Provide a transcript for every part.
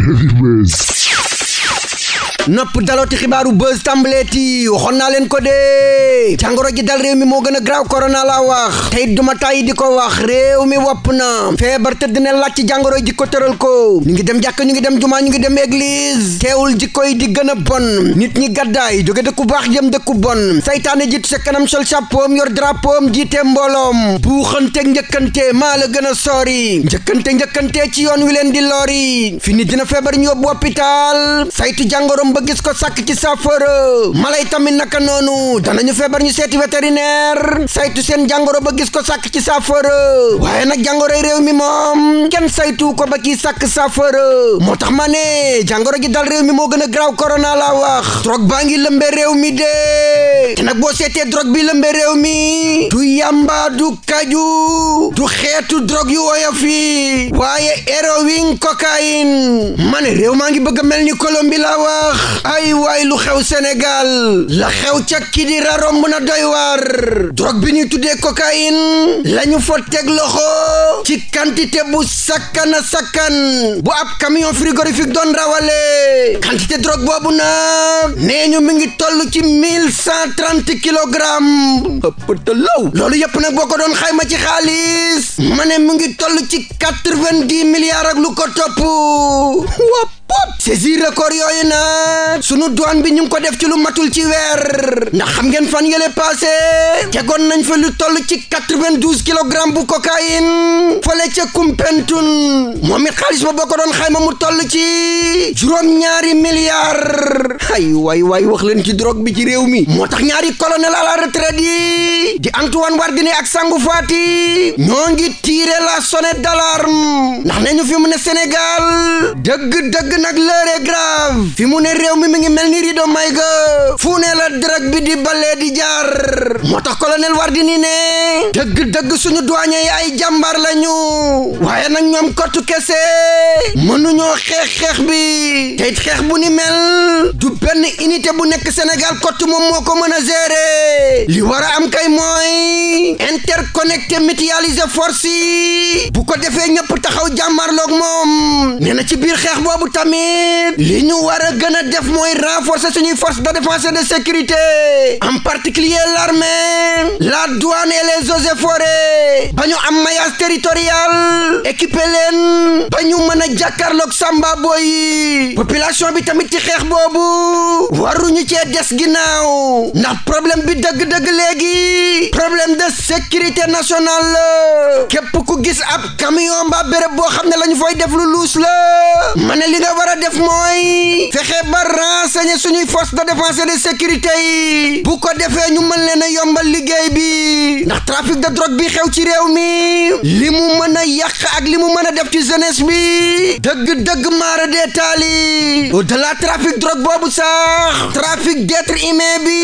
Anyways. nopp dalooti xibaaru buzz tàmbaleeti waxoon naa leen ko dee jàngoro ji dal réew mi moo gën a graaw korona laa wax tey duma tàyyi di ko wax réew mi wopp na feebar tëdd na laaj ci jàngoro ji ko tëral ko ñu ngi dem jàkk ñu ngi dem jumaa ñu ngi dem église teewul jikko yi di gën a bon nit ñi gàddaay jóge dëkku baax jëm dëkku bon seytaane jiit sa kanam sol chapeau yor drapeau jiite mbooloom buuxante njëkkante maa la gën a soori njëkkante njëkkante ci yoon wi leen di lori fi nit dina feebar ñu yóbbu hôpital saytu jàngoro ba gis ko sàkk ci saafara mala yi tamit naka noonu ñu feebar ñu seeti vétérinaire saytu seen jàngoro ba gis ko sàkk ci saafara waaye nag jàngoroy réew mi moom kenn saytu ko ba kii sàkk saafara moo tax ma ne jàngoro ji dal réew mi moo gën a graw korona laa wax trog baa ngi réew mi de te nag boo seetee drogue bi lëmbe réew mi du yamba du kaju du xeetu drogue yu woyof yi waaye héroïne cocaïne ma ne réew maa ngi bëgg a mel ni Colombie laa wax ay waay lu xew senegal la xew ca Kidira romb na doy waar drogue bi ñuy tuddee cocaïne lañu fa teg loxo ci quantité bu sakkan sakkan bu ab camion frigorifique doon rawale quantité drogue boobu naa nee ñu mi ngi toll ci mille cent trente kilogramme ëpp te loolu yëpp nag boo ko doon xayma ci xaalis ma ne mi ngi toll ci quatre-vingt-dix milliards ak lu ko topp pop saisir record yooyu nag sunu douane bi ñu ngi ko def ci lu matul ci weer ndax xam ngeen fan yële passé tegoon nañ fa lu toll ci quatre-vingt-douze kilogramme bu cocaïne fële ca Kumpentoun moom it xaalis ba boo ko doon xayma mu toll ci juróom-ñaari milliards ay waay waay wax leen ci drogue bi ci réew mi moo tax ñaari colonel à la retraite yi di Antoine Wardini ak Sango Fati ñoo ngi tirer la sonnette d'alarme ndax ne ñu fi mu ne Sénégal dëgg dëgg nag l'heure est grave fi mu ne réew mi mi mel ni rido may ga fu ne la drogue bi di balee di jaar moo tax colonel Wardini ne dëgg-dëgg suñu douanier yi ay jàmbaar lañu waaye nag ñoom kottu kese mënuñoo xeex xeex bi te xeex bu ni mel du benn unité bu nekk Sénégal kottu moom moo ko mën a gérer li war am kay mooy yi interconnecté mutualiser force yi bu ko defee ñëpp taxaw jàmmarloog moom nee na ci biir xeex boobu tamit li ñu war a gën a def mooy renforcer suñuy force de défense et de sécurité en particulier l'armée la douane et les eaux et ba ñu am maillage territorial équipé leen ba ñu mën a jàkkaarloog samba boy yi population bi tamit ci xeex boobu waruñu cee des ginnaaw ndax problème bi dëgg-dëgg léegi problème de sécurité nationale la képp ku gis ab camion mbaa béréb boo xam ne la ñu fay def lu luus la ma ne li war a def mooy fexe ba renseigner suñuy force de défense et de sécurité yi bu ko defee ñu mën leen a yombal liggéey bi ndax trafic de drogue bi xew ci réew mi li mu mën a yàq ak li mu mën a def ci jeunesse bi dëgg-dëgg maara dee taali au delà trafic boobu sax trafic d'être humain bi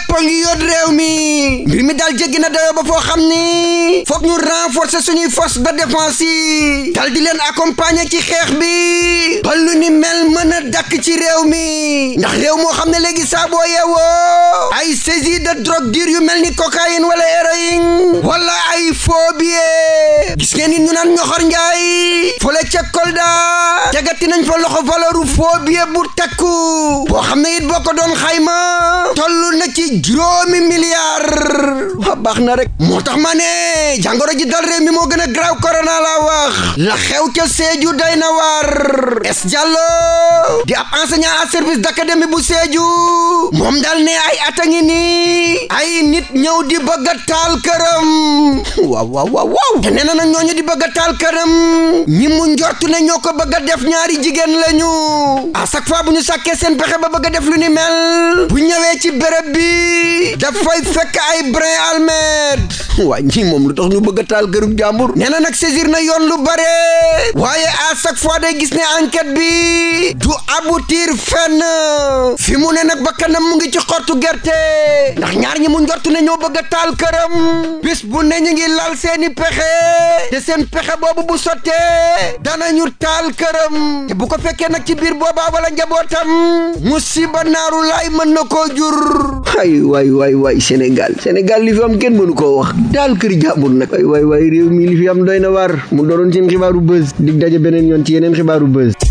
ñëpp a réew mi mi daal jéggi na dayo ba foo xam ni foog ñu renforcer suñuy force de défense yi di leen accompagner ci xeex bi ba lu ni mel mën a dakk ci réew mi ndax réew moo xam ne léegi saa boo yeewoo ay saisie de drogue dure yu mel ni cocaïne wala héroïne wala ay phobie gis ngeen ni ñu naan ñoxor njaay fole ca Kolda jagati nañ fa loxo valeuru phobie bu takku boo xam ne it boo ko doon xayma toll na ci juróomi milliard waa baax na rek moo tax ma ne jàngoro ji dal réew mi moo gën a graaw korona la wax la xew ca Sédhiou day na war es Diallo di ab enseignant à service d'académie bu Sédhiou moom dal ne ay at a ngi nii ay nit ñëw di bëgg a taal këram waaw waaw waaw waaw te nee na nag ñooñu di bëgg a taal këram ñi mu njortu ne ñoo ko bëgg a def ñaari jigéen lañu à chaque fois bu ñu sàkkee seen pexe ba bëgg a def lu ni mel bu ñëwee ci béréb bi dafay fekk ay brin Romain waa ñi moom lu tax ñu bëgg a taal kërug jàmbur nee na nag saisir na yoon lu bare waaye à chaque fois day gis ne enquête bi du aboutir fenn fi mu ne nag bakkanam mu ngi ci xottu gerte ndax ñaar ñi mu njortu ne ñoo bëgg a taal këram bis bu ne ñu ngi lal seeni pexe te seen pexe boobu bu sottee ñu taal këram te bu ko fekkee nag ci biir boobaa wala njabootam musiba naaru laay mën na ko jur ay waay waay waay Sénégal Sénégal li fi am kenn mënu koo wax daal kër jàmbur nag waay way waay réew mi li fi am doy na waar mu doonoon seen xibaaru buzz dig daje beneen yoon ci yeneen xibaaru buzz